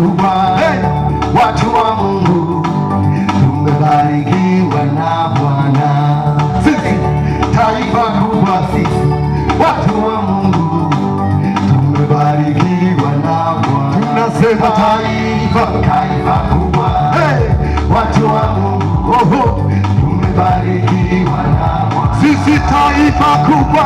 kubwa, watu wa Mungu tumebarikiwa na Bwana. Sisi taifa kubwa, sisi watu wa Mungu tumebarikiwa na Bwana. Tunasema taifa, taifa kubwa, watu wa Mungu tumebarikiwa na Bwana. Sisi taifa kubwa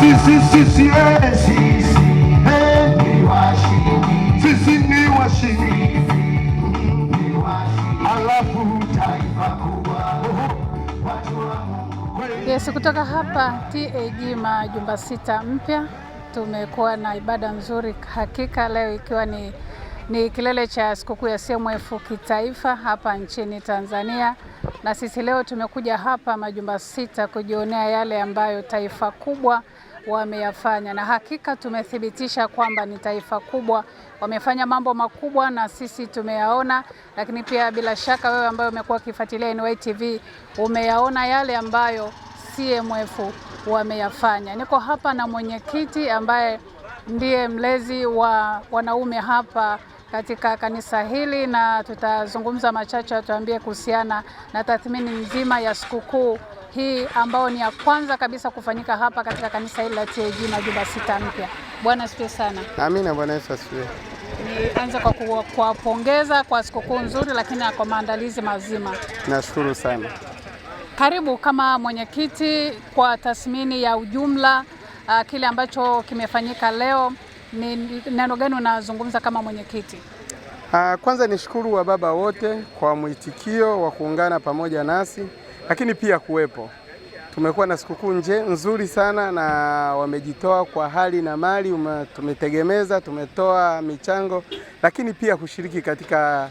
sisi ni washindi, alafu taifa kubwa Yesu. Kutoka hapa TAG majumba sita mpya, tumekuwa na ibada nzuri hakika. Leo ikiwa ni, ni kilele cha sikukuu ya CMF kitaifa hapa nchini Tanzania, na sisi leo tumekuja hapa majumba sita kujionea yale ambayo taifa kubwa wameyafanya, na hakika tumethibitisha kwamba ni taifa kubwa, wamefanya mambo makubwa na sisi tumeyaona, lakini pia bila shaka wewe ambayo umekuwa ukifuatilia NY TV umeyaona yale ambayo CMF wameyafanya. Niko hapa na mwenyekiti ambaye ndiye mlezi wa wanaume hapa katika kanisa hili na tutazungumza machache, atuambie kuhusiana na tathmini nzima ya sikukuu hii ambayo ni ya kwanza kabisa kufanyika hapa katika kanisa hili la TAG Majumba Sita mpya. Bwana asifiwe sana. Amina. Bwana Yesu asifiwe. Nianze kwa kuwapongeza kwa, kwa sikukuu nzuri, lakini na kwa maandalizi mazima. Nashukuru sana. Karibu kama mwenyekiti, kwa tathmini ya ujumla uh, kile ambacho kimefanyika leo ni neno gani unazungumza kama mwenyekiti? Uh, kwanza nishukuru wa baba wote kwa mwitikio wa kuungana pamoja nasi, lakini pia kuwepo. Tumekuwa na sikukuu nje nzuri sana na wamejitoa kwa hali na mali, tumetegemeza, tumetoa michango, lakini pia kushiriki katika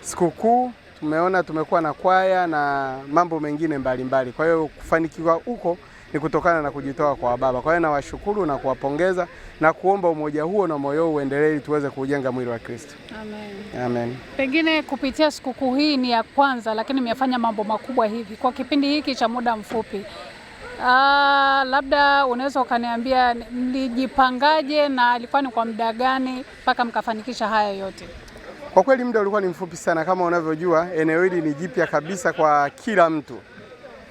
sikukuu. Tumeona tumekuwa na kwaya na mambo mengine mbalimbali mbali. Kwa hiyo kufanikiwa huko ni kutokana na kujitoa kwa baba. Kwa hiyo nawashukuru na kuwapongeza na kuomba umoja huo na moyo huu uendelee ili tuweze kujenga mwili wa Kristo. Amen. Amen. Pengine kupitia sikukuu hii ni ya kwanza, lakini mmefanya mambo makubwa hivi kwa kipindi hiki cha muda mfupi. Aa, ah, labda unaweza ukaniambia mlijipangaje na ilikuwa ni kwa muda gani mpaka mkafanikisha haya yote? Kwa kweli muda ulikuwa ni mfupi sana, kama unavyojua eneo hili ni jipya kabisa kwa kila mtu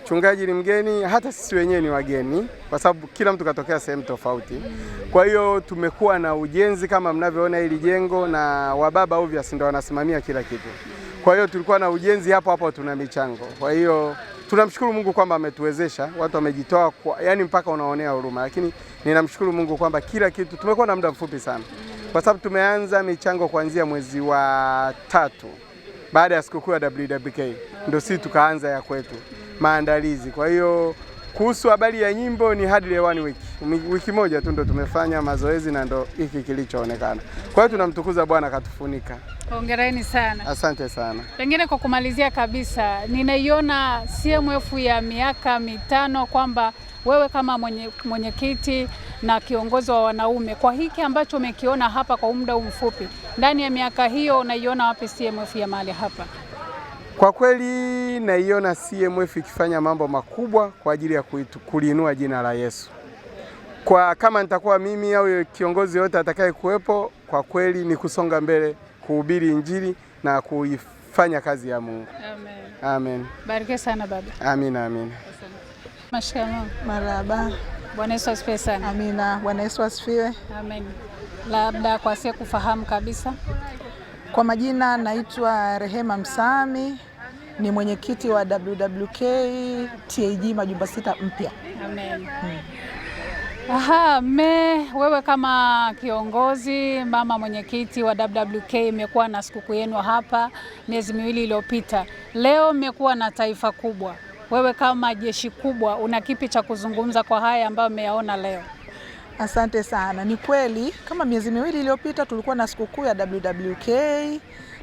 mchungaji ni mgeni, hata sisi wenyewe ni wageni, kwa sababu kila mtu katokea sehemu tofauti. Kwa hiyo tumekuwa na ujenzi kama mnavyoona hili jengo, na wababa obviously ndio wanasimamia kila kitu. Kwa hiyo tulikuwa na ujenzi hapo hapo, tuna michango. Kwa hiyo tunamshukuru Mungu kwamba ametuwezesha, watu wamejitoa kwa, yani mpaka unaonea huruma, lakini ninamshukuru Mungu kwamba kila kitu tumekuwa na muda mfupi sana, kwa sababu tumeanza michango kuanzia mwezi wa tatu baada ya sikukuu ya WWK ndio sisi tukaanza ya kwetu maandalizi. Kwa hiyo kuhusu habari ya nyimbo ni hardly one week, wiki moja tu ndo tumefanya mazoezi na ndo hiki kilichoonekana. Kwa hiyo tunamtukuza Bwana katufunika. Hongereni sana, asante sana. Pengine kwa kumalizia kabisa, ninaiona CMF ya miaka mitano kwamba wewe kama mwenyekiti mwenye na kiongozi wa wanaume, kwa hiki ambacho umekiona hapa kwa muda mfupi, ndani ya miaka hiyo unaiona wapi CMF ya mahali hapa? Kwa kweli naiona CMF ikifanya mambo makubwa kwa ajili ya kuliinua jina la Yesu. Kwa kama nitakuwa mimi au kiongozi yote atakaye kuwepo, kwa kweli ni kusonga mbele kuhubiri Injili na kuifanya kazi ya Mungu. Amen. Amen. Bariki sana baba. Amina, amina. Mashikamoo. Marhaba. Bwana Yesu asifiwe sana. Amina. Bwana Yesu asifiwe. Amen. Labda kwa sie kufahamu kabisa. Kwa majina naitwa Rehema Msami ni mwenyekiti wa WWK TAG majumba sita mpya. Aha, me wewe kama kiongozi mama mwenyekiti wa WWK imekuwa na sikukuu yenu hapa miezi miwili iliyopita. Leo mmekuwa na taifa kubwa. Wewe kama jeshi kubwa una kipi cha kuzungumza kwa haya ambayo mmeyaona leo? Asante sana. Ni kweli kama miezi miwili iliyopita tulikuwa na sikukuu ya WWK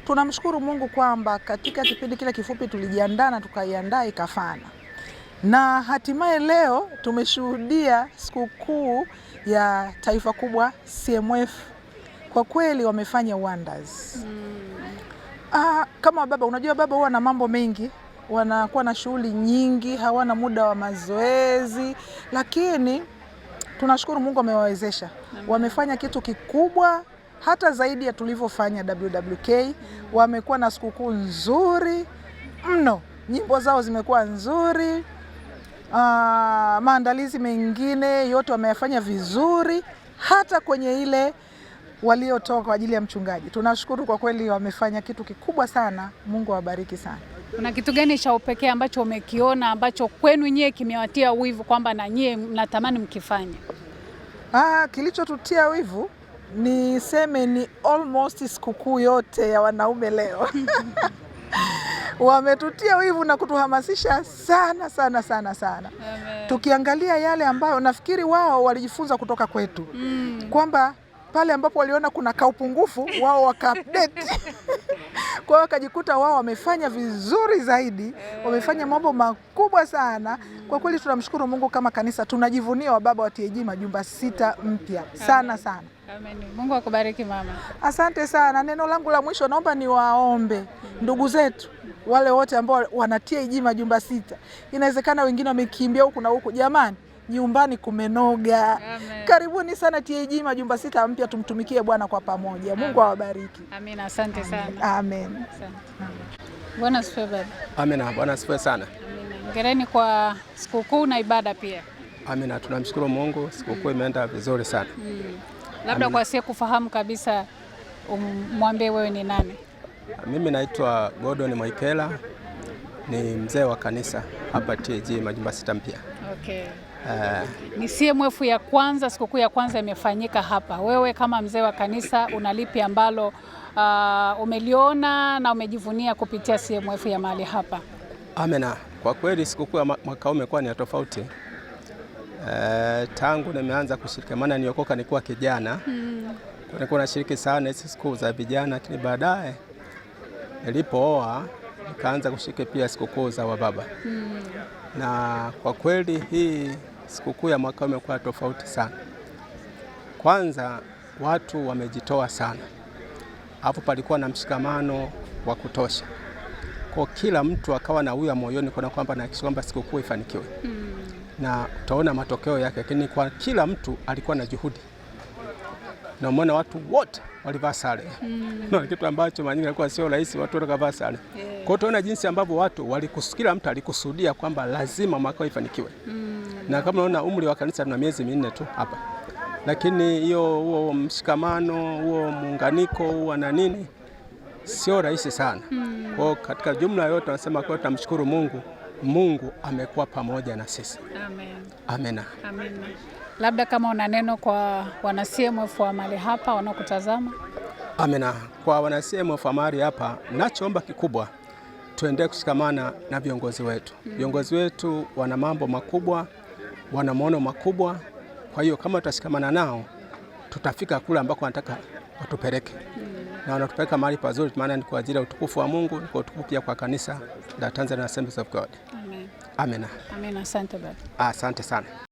Tunamshukuru Mungu kwamba katika kipindi kile kifupi tulijiandaa na tukaiandaa ikafana, na hatimaye leo tumeshuhudia sikukuu ya taifa kubwa CMF. Kwa kweli wamefanya wonders mm. Ah, kama baba, unajua baba huwa na mambo mengi, wanakuwa na shughuli nyingi, hawana muda wa mazoezi, lakini tunashukuru Mungu amewawezesha, wamefanya kitu kikubwa hata zaidi ya tulivyofanya WWK. Wamekuwa na sikukuu nzuri mno, nyimbo zao zimekuwa nzuri. Aa, ah, maandalizi mengine yote wameyafanya vizuri, hata kwenye ile waliotoka kwa ajili ya mchungaji. Tunashukuru kwa kweli, wamefanya kitu kikubwa sana. Mungu awabariki sana. Kuna kitu gani cha upekee ambacho umekiona ambacho kwenu nyie kimewatia wivu kwamba na nyie mnatamani mkifanye? Ah, kilichotutia wivu niseme ni almost sikukuu yote ya wanaume leo wametutia wivu na kutuhamasisha sana sana sana sana. Amen. Tukiangalia yale ambayo nafikiri wao walijifunza kutoka kwetu mm. kwamba pale ambapo waliona kuna kaupungufu wao update kwa hiyo wakajikuta wao wamefanya vizuri zaidi, wamefanya mambo makubwa sana. Kwa kweli tunamshukuru Mungu, kama kanisa tunajivunia wababa wa TAG majumba sita mpya sana sana. Amen. Mungu akubariki mama. Asante sana. Neno langu la mwisho naomba niwaombe ndugu zetu wale wote ambao wanatia iji majumba sita. Inawezekana wengine wamekimbia huku na huku. Jamani, nyumbani kumenoga. Amen. Karibuni sana TAG majumba sita mpya, tumtumikie Bwana kwa pamoja. Mungu awabariki. Amina, asante sana. Amen. Bwana asifiwe baba. Amina, Bwana asifiwe sana. Ngereni kwa sikukuu na ibada pia. Amina, tunamshukuru Mungu, sikukuu imeenda vizuri sana. Hmm labda Kwa sie kufahamu kabisa, umwambie um, wewe ni nani? Mimi naitwa Godon Mwaikela, ni mzee wa kanisa hapa TAG Majumba Sita Mpya. Okay. Uh, ni CMF ya kwanza, sikukuu ya kwanza imefanyika hapa. Wewe kama mzee wa kanisa unalipi ambalo uh, umeliona na umejivunia kupitia CMF ya mahali hapa? Amina, kwa kweli sikukuu ya mwaka huu imekuwa ni ya tofauti Eh, tangu nimeanza kushiriki, maana niokoka nikuwa kijana mm. Nilikuwa nashiriki sana hizi sikukuu za vijana, lakini baadaye nilipooa nikaanza kushiriki pia sikukuu za wababa mm. Na kwa kweli hii sikukuu ya mwaka imekuwa tofauti sana. Kwanza watu wamejitoa sana, hapo palikuwa na mshikamano wa kutosha, kwa kila mtu akawa na uya moyoni kuna kwamba na kwamba sikukuu ifanikiwe mm na utaona matokeo yake, lakini kwa kila mtu alikuwa na juhudi na umeona watu wote walivaa sare mm. No, kitu ambacho mara nyingi alikuwa sio rahisi watu wote kavaa sare yeah. Kwa hiyo tunaona jinsi ambavyo watu walikus, kila mtu alikusudia kwamba lazima mwaka ifanikiwe mm. Na kama unaona umri wa kanisa tuna miezi minne tu hapa, lakini hiyo huo mshikamano huo muunganiko huo na nini sio rahisi sana mm. Kwa hiyo katika jumla yote tunasema kwa tunamshukuru Mungu Mungu amekuwa pamoja na sisi. Amen. Amen. Labda kama una neno kwa wana CMF wa mali hapa wanaokutazama. amina Kwa wana CMF wa mali hapa, nachoomba kikubwa tuendelee kushikamana na viongozi wetu. Mm. Viongozi mm. wetu wana mambo makubwa, wana maono makubwa. Kwa hiyo kama tutashikamana nao tutafika kule ambako wanataka watupeleke. mm na wanatupeleka mahali pazuri, maana ni kwa ajili ya utukufu wa Mungu, ni kwa utukufu pia kwa kanisa la Tanzania Assemblies of God. Amen. Amen. Amen. asante baba. Asante sana.